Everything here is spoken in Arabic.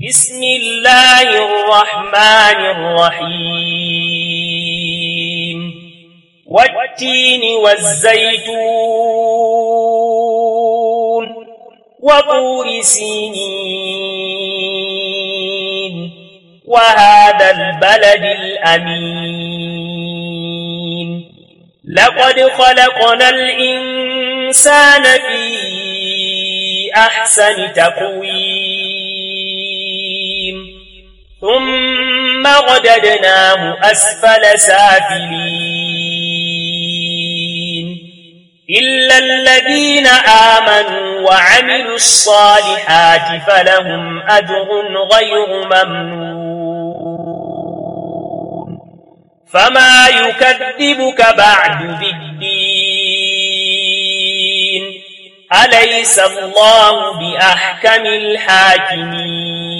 بسم الله الرحمن الرحيم والتين والزيتون وطور سينين وهذا البلد الأمين لقد خلقنا الإنسان في أحسن تقويم ثم غددناه أسفل سافلين إلا الذين آمنوا وعملوا الصالحات فلهم أجر غير ممنون فما يكذبك بعد بالدين أليس الله بأحكم الحاكمين